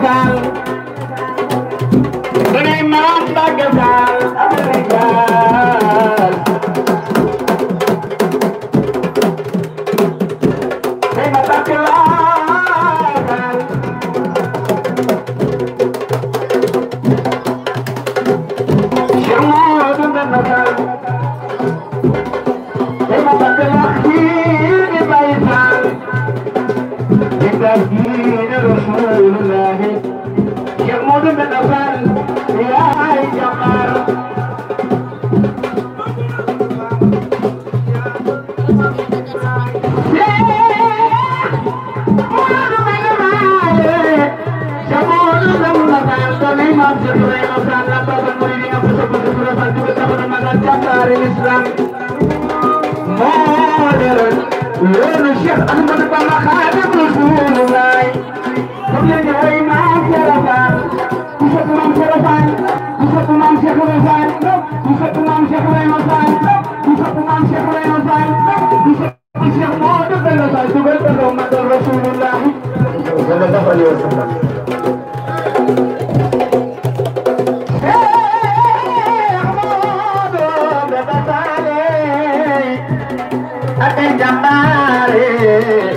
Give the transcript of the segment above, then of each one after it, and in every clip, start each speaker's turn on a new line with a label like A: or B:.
A: cavalo. الدين رسول الله يموت من أفر يا جمر Modern, learn Sheikh Ahmad Bamba Khadim Até jambaré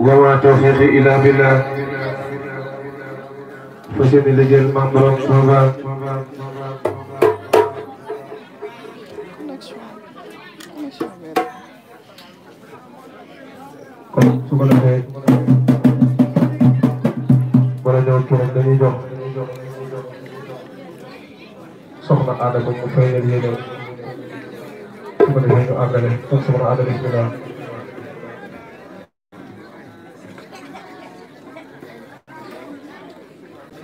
A: وما توفيقي إلا بالله فسد لجل ممرم صوبا kon su ko defee wala ñëw ci rek dañuy jox soxna aada ba mu fay leen yéene su ko defee ñu àggale kon soxna aada bismillah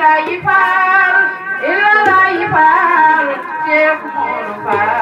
A: Ilayi Faal Ilayi Faal Cheikh Modou Faal